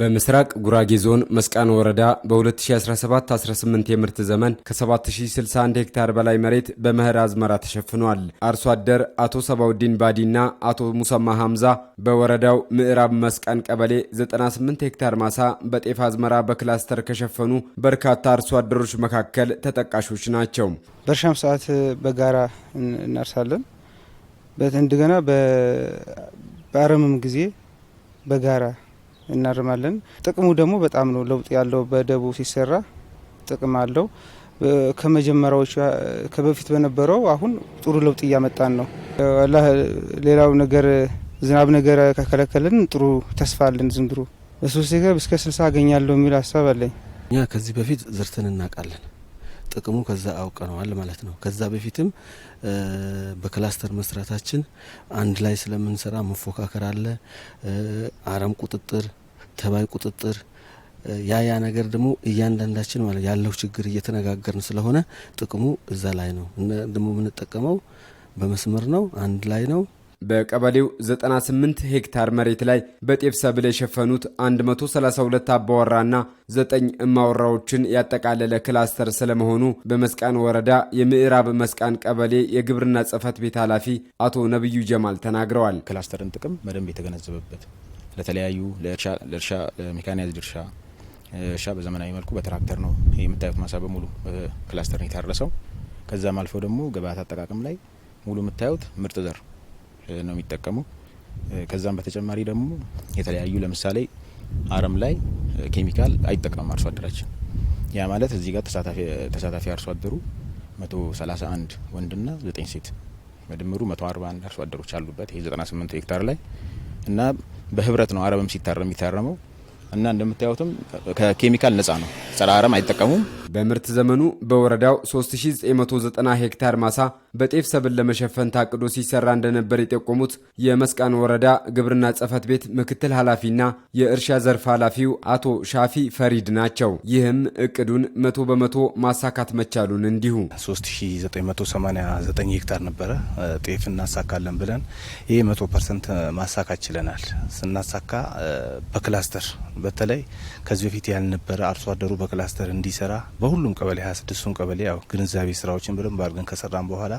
በምስራቅ ጉራጌ ዞን መስቃን ወረዳ በ2017-18 የምርት ዘመን ከ7061 ሄክታር በላይ መሬት በመኸር አዝመራ ተሸፍኗል። አርሶ አደር አቶ ሰባውዲን ባዲና አቶ ሙሰማ ሐምዛ በወረዳው ምዕራብ መስቃን ቀበሌ 98 ሄክታር ማሳ በጤፍ አዝመራ በክላስተር ከሸፈኑ በርካታ አርሶ አደሮች መካከል ተጠቃሾች ናቸው። በእርሻም ሰዓት በጋራ እናርሳለን። እንደገና በአረምም ጊዜ በጋራ እናርማለን። ጥቅሙ ደግሞ በጣም ነው ለውጥ ያለው በደቡብ ሲሰራ ጥቅም አለው። ከመጀመሪያዎቹ ከበፊት በነበረው አሁን ጥሩ ለውጥ እያመጣን ነው። ሌላው ነገር ዝናብ ነገር ከከለከልን ጥሩ ተስፋ አለን። ዝንብሩ በሶስት ገብ እስከ ስልሳ አገኛለሁ የሚል ሀሳብ አለኝ። እኛ ከዚህ በፊት ዝርትን እናውቃለን። ጥቅሙ ከዛ አውቀነዋል ማለት ነው። ከዛ በፊትም በክላስተር መስራታችን አንድ ላይ ስለምንሰራ መፎካከር አለ፣ አረም ቁጥጥር ተባይ ቁጥጥር ያ ያ ነገር ደግሞ እያንዳንዳችን ማለት ያለው ችግር እየተነጋገርን ስለሆነ ጥቅሙ እዛ ላይ ነው። ደግሞ የምንጠቀመው በመስመር ነው፣ አንድ ላይ ነው። በቀበሌው 98 ሄክታር መሬት ላይ በጤፍ ሰብል የሸፈኑት 132 አባወራና 9 እማወራዎችን ያጠቃለለ ክላስተር ስለመሆኑ በመስቃን ወረዳ የምዕራብ መስቃን ቀበሌ የግብርና ጽሕፈት ቤት ኃላፊ አቶ ነብዩ ጀማል ተናግረዋል። ክላስተርን ጥቅም በደንብ የተገነዘበበት ለተለያዩ ለእርሻ ለሜካናይዝድ እርሻ እርሻ በዘመናዊ መልኩ በትራክተር ነው የምታዩት ማሳ በሙሉ ክላስተር ነው የታረሰው። ከዛም አልፎ ደግሞ ግብዓት አጠቃቀም ላይ ሙሉ የምታዩት ምርጥ ዘር ነው የሚጠቀሙ። ከዛም በተጨማሪ ደግሞ የተለያዩ ለምሳሌ አረም ላይ ኬሚካል አይጠቀምም አርሶ አደራችን። ያ ማለት እዚህ ጋር ተሳታፊ አርሶ አደሩ አንድ ወንድና ዘጠኝ ሴት በድምሩ አንድ አርሶ አደሮች አሉበት። ይህ 98 ሄክታር ላይ እና በህብረት ነው አረምም ሲታረም የሚታረመው እና እንደምታዩትም ከኬሚካል ነፃ ነው። ጸረ አረም አይጠቀሙም። በምርት ዘመኑ በወረዳው 3990 ሄክታር ማሳ በጤፍ ሰብል ለመሸፈን ታቅዶ ሲሰራ እንደነበር የጠቆሙት የመስቃን ወረዳ ግብርና ጽህፈት ቤት ምክትል ኃላፊና የእርሻ ዘርፍ ኃላፊው አቶ ሻፊ ፈሪድ ናቸው። ይህም እቅዱን መቶ በመቶ ማሳካት መቻሉን እንዲሁ 3989 ሄክታር ነበረ ጤፍ እናሳካለን ብለን ይህ መቶ ፐርሰንት ማሳካት ችለናል። ስናሳካ በክላስተር በተለይ ከዚህ በፊት ያልነበረ አርሶ አደሩ በክላስተር እንዲሰራ በሁሉም ቀበሌ 26ቱም ቀበሌ ያው ግንዛቤ ስራዎችን ብለን አድርገን ከሰራን በኋላ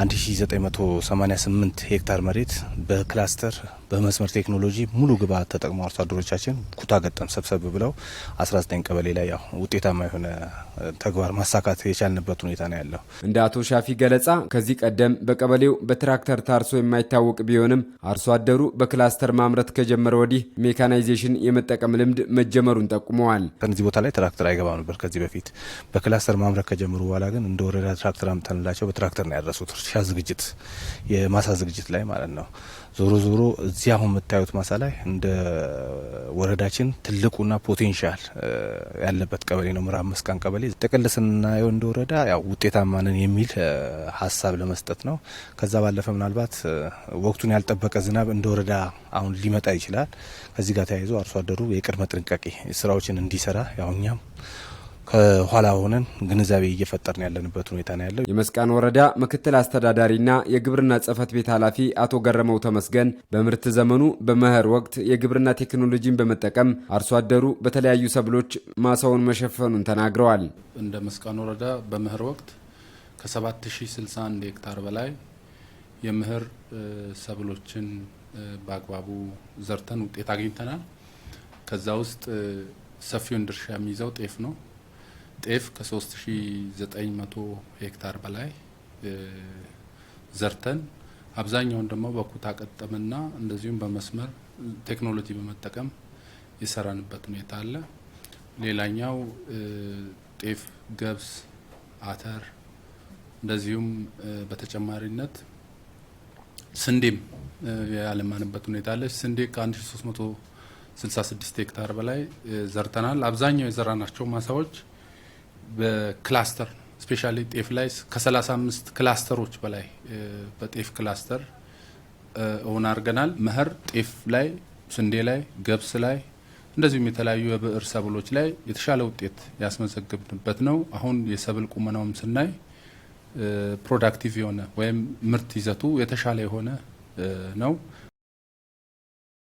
1988 ሄክታር መሬት በክላስተር በመስመር ቴክኖሎጂ ሙሉ ግብዓት ተጠቅመው አርሶ አደሮቻችን ኩታ ገጠም ሰብሰብ ብለው 19 ቀበሌ ላይ ያው ውጤታማ የሆነ ተግባር ማሳካት የቻልንበት ሁኔታ ነው ያለው። እንደ አቶ ሻፊ ገለጻ ከዚህ ቀደም በቀበሌው በትራክተር ታርሶ የማይታወቅ ቢሆንም አርሶ አደሩ በክላስተር ማምረት ከጀመረ ወዲህ ሜካናይዜሽን የመጠቀም ልምድ መጀመሩን ጠቁመዋል። ከዚህ ቦታ ላይ ትራክተር አይገባም ነበር ከዚህ በፊት። በክላስተር ማምረት ከጀመሩ በኋላ ግን እንደ ወረዳ ትራክተር አምጥተንላቸው በትራክተር ነው ያረሱት። ማርሻ ዝግጅት የማሳ ዝግጅት ላይ ማለት ነው። ዞሮ ዞሮ እዚህ አሁን የምታዩት ማሳ ላይ እንደ ወረዳችን ትልቁና ፖቴንሻል ያለበት ቀበሌ ነው ምዕራብ መስቃን ቀበሌ። ጥቅል ስናየው እንደ ወረዳ ያው ውጤታማ ነን የሚል ሀሳብ ለመስጠት ነው። ከዛ ባለፈ ምናልባት ወቅቱን ያልጠበቀ ዝናብ እንደ ወረዳ አሁን ሊመጣ ይችላል። ከዚህ ጋር ተያይዞ አርሶ አደሩ የቅድመ ጥንቃቄ ስራዎችን እንዲሰራ ያው እኛም ከኋላ ሆነን ግንዛቤ እየፈጠርን ያለንበት ሁኔታ ነው ያለው። የመስቃን ወረዳ ምክትል አስተዳዳሪና የግብርና ጽህፈት ቤት ኃላፊ አቶ ገረመው ተመስገን በምርት ዘመኑ በመኸር ወቅት የግብርና ቴክኖሎጂን በመጠቀም አርሶ አደሩ በተለያዩ ሰብሎች ማሳውን መሸፈኑን ተናግረዋል። እንደ መስቃን ወረዳ በመኸር ወቅት ከ7061 ሄክታር በላይ የምህር ሰብሎችን በአግባቡ ዘርተን ውጤት አግኝተናል። ከዛ ውስጥ ሰፊውን ድርሻ የሚይዘው ጤፍ ነው። ጤፍ ከ3900 ሄክታር በላይ ዘርተን አብዛኛውን ደግሞ በኩታ ቀጠምና እንደዚሁም በመስመር ቴክኖሎጂ በመጠቀም የሰራንበት ሁኔታ አለ። ሌላኛው ጤፍ፣ ገብስ፣ አተር እንደዚሁም በተጨማሪነት ስንዴም ያለማንበት ሁኔታ አለ። ስንዴ ከ1366 ሄክታር በላይ ዘርተናል። አብዛኛው የዘራናቸው ማሳዎች በክላስተር ስፔሻሊ ጤፍ ላይ ከ35 ክላስተሮች በላይ በጤፍ ክላስተር እውን አድርገናል። መኸር ጤፍ ላይ፣ ስንዴ ላይ፣ ገብስ ላይ እንደዚሁም የተለያዩ የብዕር ሰብሎች ላይ የተሻለ ውጤት ያስመዘግብንበት ነው። አሁን የሰብል ቁመናውም ስናይ ፕሮዳክቲቭ የሆነ ወይም ምርት ይዘቱ የተሻለ የሆነ ነው።